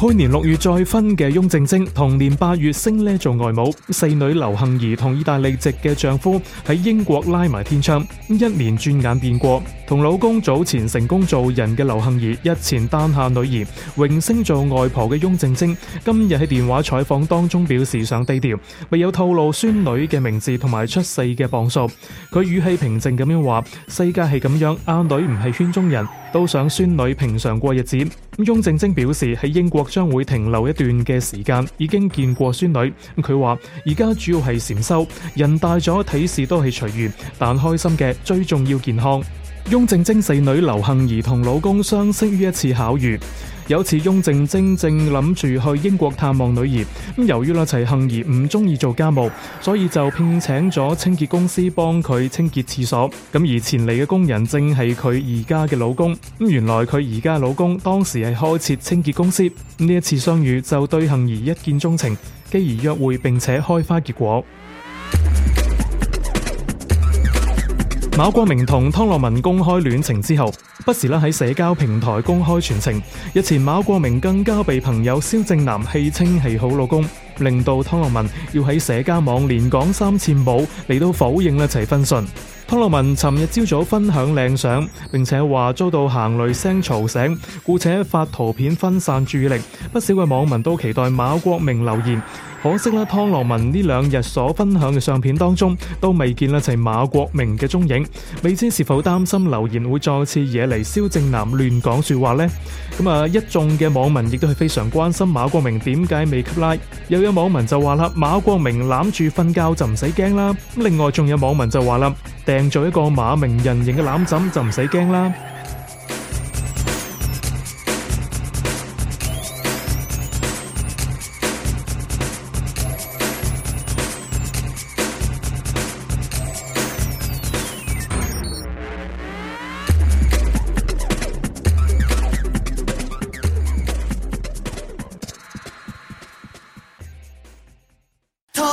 去年六月再婚嘅翁靜晶同年八月升呢做外母。細女劉杏兒同意大利籍嘅丈夫喺英國拉埋天窗。一年轉眼變過，同老公早前成功做人嘅劉杏兒，日前誕下女兒，榮升做外婆嘅翁靜晶今日喺電話採訪當中表示想低調，未有透露孫女嘅名字同埋出世嘅磅數。佢語氣平靜咁樣話，世界係咁樣，阿女唔係圈中人。都想孫女平常過日子。咁翁靜晶表示喺英國將會停留一段嘅時間，已經見過孫女。佢話：而家主要係禪修，人大咗睇事都係隨緣，但開心嘅最重要健康。雍正貞四女劉杏兒同老公相識於一次巧遇。有次雍正貞正諗住去英國探望女兒，咁由於啦齊杏兒唔中意做家務，所以就聘請咗清潔公司幫佢清潔廁所。咁而前嚟嘅工人正係佢而家嘅老公。咁原來佢而家老公當時係開設清潔公司。呢一次相遇就對杏兒一見鍾情，繼而約會並且開花結果。馬國明同湯洛雯公開戀情之後，不時咧喺社交平台公開傳情。日前馬國明更加被朋友蕭正楠戲稱係好老公，令到湯洛雯要喺社交網連講三次冇，嚟到否認一齊分信。湯洛雯尋日朝早分享靚相，並且話遭到行雷聲嘈醒，故且發圖片分散注意力。不少嘅網民都期待馬國明留言。可惜啦，湯洛雯呢兩日所分享嘅相片當中，都未見啦齊馬國明嘅蹤影，未知是否擔心留言會再次惹嚟蕭正楠亂講說話呢？咁、嗯、啊，一眾嘅網民亦都係非常關心馬國明點解未畀 like 又有網民就話啦，馬國明攬住瞓覺就唔使驚啦。另外仲有網民就話啦，訂做一個馬明人形嘅攬枕就唔使驚啦。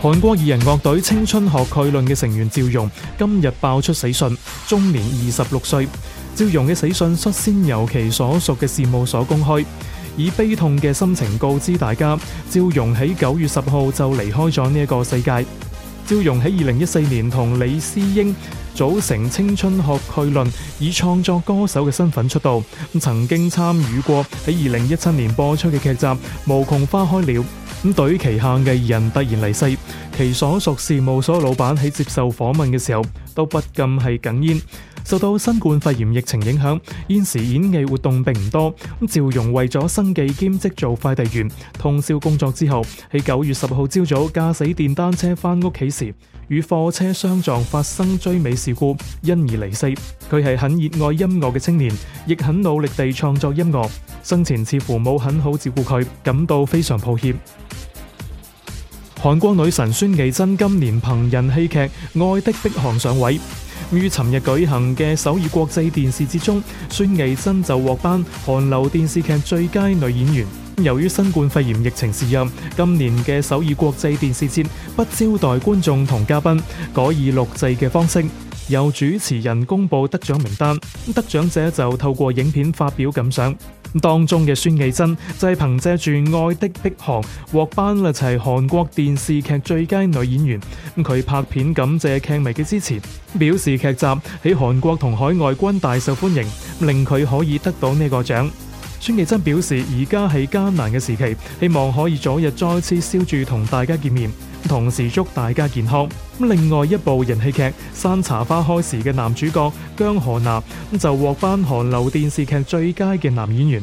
韓國二人樂隊《青春學概論》嘅成員趙容今日爆出死訊，終年二十六歲。趙容嘅死訊率先由其所屬嘅事務所公開，以悲痛嘅心情告知大家。趙容喺九月十號就離開咗呢一個世界。趙容喺二零一四年同李思英組成《青春學概論》，以創作歌手嘅身份出道，曾經參與過喺二零一七年播出嘅劇集《無窮花開了》。咁，隊旗下藝人突然離世，其所屬事務所老闆喺接受訪問嘅時候都不禁係哽咽。受到新冠肺炎疫情影響，現時演藝活動並唔多。咁趙蓉為咗生計兼職做快遞員，通宵工作之後，喺九月十號朝早駕駛電單車翻屋企時，與貨車相撞，發生追尾事故，因而離世。佢係很熱愛音樂嘅青年，亦很努力地創作音樂。生前似乎冇很好照顧佢，感到非常抱歉。韓國女神孫藝珍今年憑人戲劇《愛的迫降》上位，於尋日舉行嘅首爾國際電視節中，孫藝珍就獲頒韓流電視劇最佳女演員。由於新冠肺炎疫情肆虐，今年嘅首爾國際電視節不招待觀眾同嘉賓，改以錄製嘅方式，由主持人公佈得獎名單，得獎者就透過影片發表感想。當中嘅孫藝珍就係、是、憑藉住《愛的迫降》獲頒一齊韓國電視劇最佳女演員。佢拍片感謝劇迷嘅支持，表示劇集喺韓國同海外均大受歡迎，令佢可以得到呢個獎。孫藝珍表示，而家係艱難嘅時期，希望可以早日再次笑住同大家見面，同時祝大家健康。咁另外一部人氣劇《山茶花開時》嘅男主角姜河那咁就獲翻韓流電視劇最佳嘅男演員。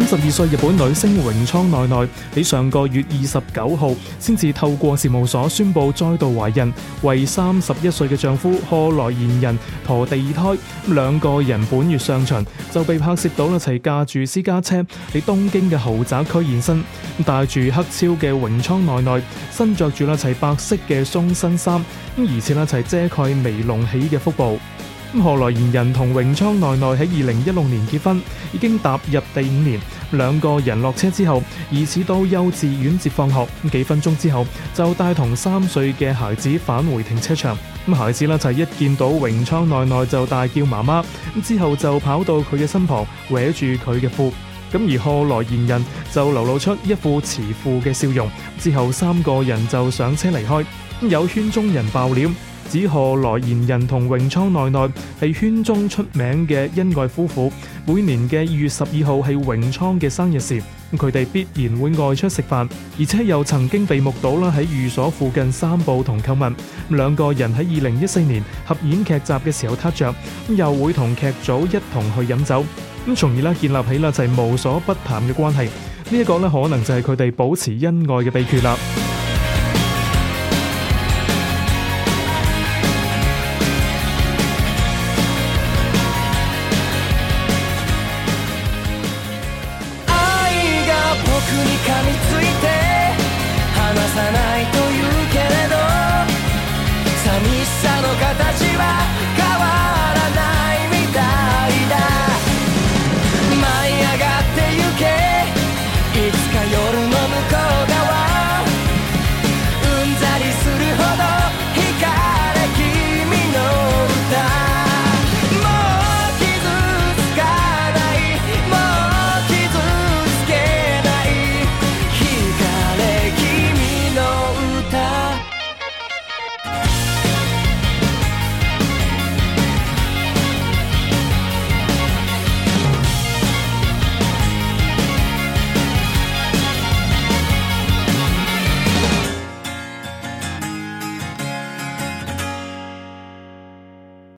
三十二歲日本女星榮倉奈奈喺上個月二十九號，先至透過事務所宣布再度懷孕，為三十一歲嘅丈夫賀來賢人陀第二胎。兩個人本月上旬就被拍攝到一齊駕住私家車喺東京嘅豪宅區現身，戴住黑超嘅榮倉奈奈身着住一齊白色嘅鬆身衫，而且一齊遮蓋微隆起嘅腹部。何來賢人同榮倉奈奈喺二零一六年結婚，已經踏入第五年。兩個人落車之後，疑似到幼稚園接放學，咁幾分鐘之後就帶同三歲嘅孩子返回停車場。咁孩子咧就一見到榮倉奈，奈奈就大叫媽媽，之後就跑到佢嘅身旁，搲住佢嘅褲。咁而何來賢人就流露出一副慈父嘅笑容。之後三個人就上車離開。有圈中人爆料。子賀來賢人同榮倉奈奈係圈中出名嘅恩愛夫婦，每年嘅二月十二號係榮倉嘅生日時，佢哋必然會外出食飯，而且又曾經被目睹啦喺寓所附近散步同購物。咁兩個人喺二零一四年合演劇集嘅時候踏，撻着又會同劇組一同去飲酒，咁從而啦建立起了就係無所不談嘅關係。呢、這、一個咧，可能就係佢哋保持恩愛嘅秘訣啦。